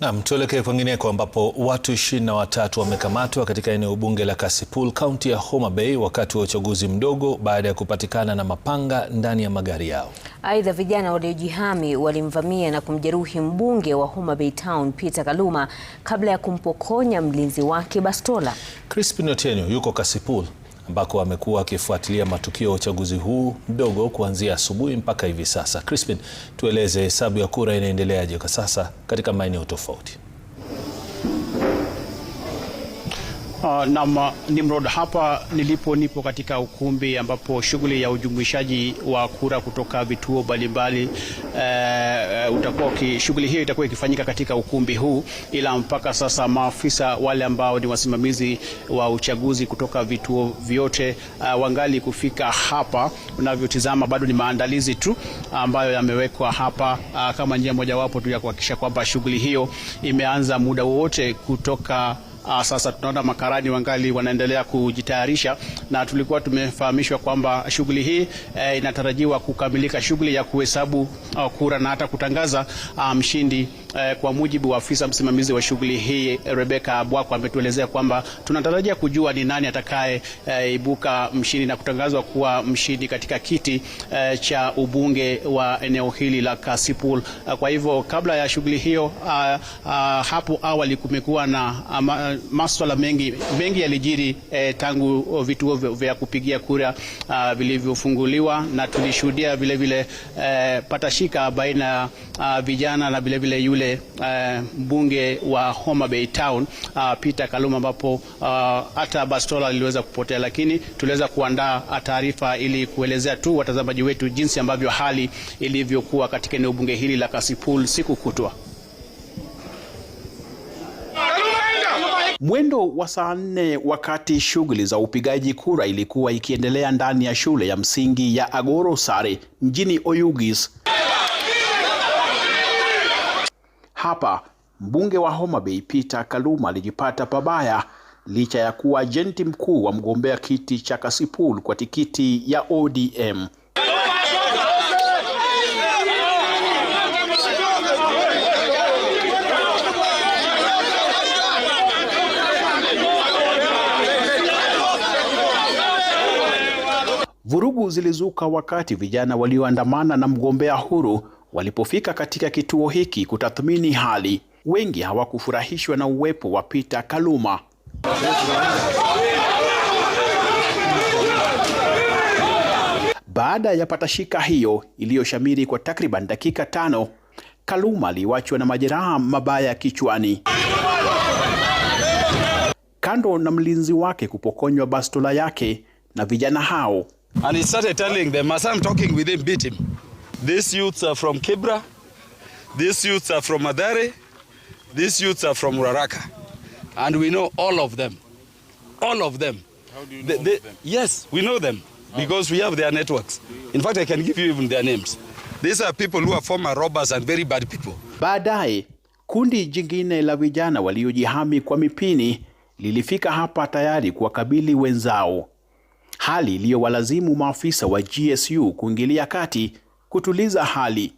Naam, tuelekee kwengineko ambapo watu ishirini na watatu wamekamatwa katika eneo bunge la Kasipul, kaunti ya Homa Bay wakati wa uchaguzi mdogo baada ya kupatikana na mapanga ndani ya magari yao. Aidha, vijana waliojihami walimvamia na kumjeruhi mbunge wa Homa Bay Town Peter Kaluma kabla ya kumpokonya mlinzi wake bastola. Crispin Otieno yuko Kasipul ambako amekuwa akifuatilia matukio ya uchaguzi huu mdogo kuanzia asubuhi mpaka hivi sasa. Crispin, tueleze hesabu ya kura inaendeleaje kwa sasa katika maeneo tofauti? Uh, ah, na ah, Nimrod, hapa nilipo nipo katika ukumbi ambapo shughuli ya ujumuishaji wa kura kutoka vituo mbalimbali uh, utakuwa shughuli hiyo itakuwa ikifanyika katika ukumbi huu, ila mpaka sasa maafisa wale ambao ni wasimamizi wa uchaguzi kutoka vituo vyote uh, wangali kufika hapa. Unavyotizama bado ni maandalizi tu ambayo yamewekwa hapa uh, kama njia mojawapo tu ya kuhakikisha kwamba shughuli hiyo imeanza muda wowote kutoka Aa, ah, sasa tunaona makarani wangali wanaendelea kujitayarisha, na tulikuwa tumefahamishwa kwamba shughuli hii e, inatarajiwa kukamilika, shughuli ya kuhesabu ah, kura na hata kutangaza ah, mshindi um, eh, kwa mujibu wa afisa msimamizi wa shughuli hii Rebeka Bwako ametuelezea kwamba tunatarajia kujua ni nani atakaye eh, ibuka mshindi na kutangazwa kuwa mshindi katika kiti eh, cha ubunge wa eneo hili la Kasipul. Eh, kwa hivyo kabla ya shughuli hiyo ah, ah, hapo awali kumekuwa na ah, maswala mengi mengi yalijiri eh, tangu vituo vya kupigia kura ah, vilivyofunguliwa na tulishuhudia vile vile eh, patashika baina ya ah, vijana na vile vile yule yule uh, eh, mbunge wa Homa Bay Town uh, Peter Kaluma, ambapo ah, hata uh, bastola liliweza kupotea, lakini tuliweza kuandaa ah, taarifa ili kuelezea tu watazamaji wetu jinsi ambavyo hali ilivyokuwa katika eneo bunge hili la Kasipul siku kutwa. Mwendo wa saa nne wakati shughuli za upigaji kura ilikuwa ikiendelea ndani ya shule ya msingi ya Agoro Sare mjini Oyugis, Hapa mbunge wa Homa Bay Peter Kaluma alijipata pabaya licha ya kuwa ajenti mkuu wa mgombea kiti cha Kasipul kwa tikiti ya ODM. Vurugu zilizuka wakati vijana walioandamana na mgombea huru Walipofika katika kituo hiki kutathmini hali, wengi hawakufurahishwa na uwepo wa Peter Kaluma. Baada ya patashika hiyo iliyoshamiri kwa takriban dakika tano, Kaluma aliwachwa na majeraha mabaya kichwani, kando na mlinzi wake kupokonywa bastola yake na vijana hao. And he started telling them, as I'm talking with him, beat him. These youths are from Kibra. These youths are from Madare. These youths are from Raraka. And we know all of them. All of them. How do you know they, they, them? Yes, we know them because we have their networks. In fact, I can give you even their names. These are people who are former robbers and very bad people. Baadaye, kundi jingine la vijana waliojihami kwa mipini lilifika hapa tayari kuwakabili wenzao. Hali iliyowalazimu maafisa wa GSU kuingilia kati kutuliza hali.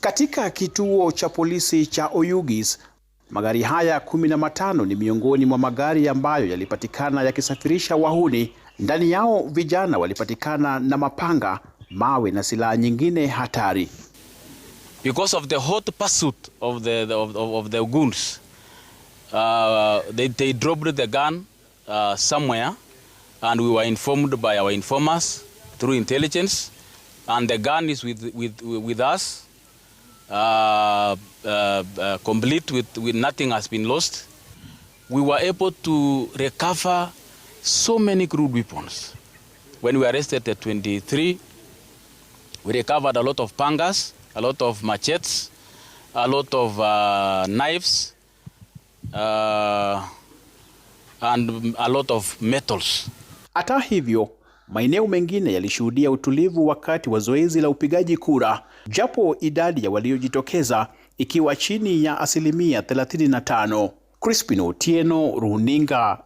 Katika kituo cha polisi cha Oyugis, magari haya kumi na matano ni miongoni mwa magari ambayo yalipatikana yakisafirisha wahuni. Ndani yao vijana walipatikana na mapanga, mawe na silaha nyingine hatari. Because of the hot pursuit of the, of, of the goons, uh, they, they dropped the gun, uh, somewhere. and we were informed by our informers through intelligence, and the gun is with, with, with us, uh, uh, uh, complete with, with nothing has been lost. We were able to recover so many crude weapons. When we arrested the 23, we recovered a lot of pangas, a lot of machetes, a lot of uh, knives, uh, and a lot of metals. Hata hivyo, maeneo mengine yalishuhudia utulivu wakati wa zoezi la upigaji kura, japo idadi ya waliojitokeza ikiwa chini ya asilimia 35. Crispin Otieno, Runinga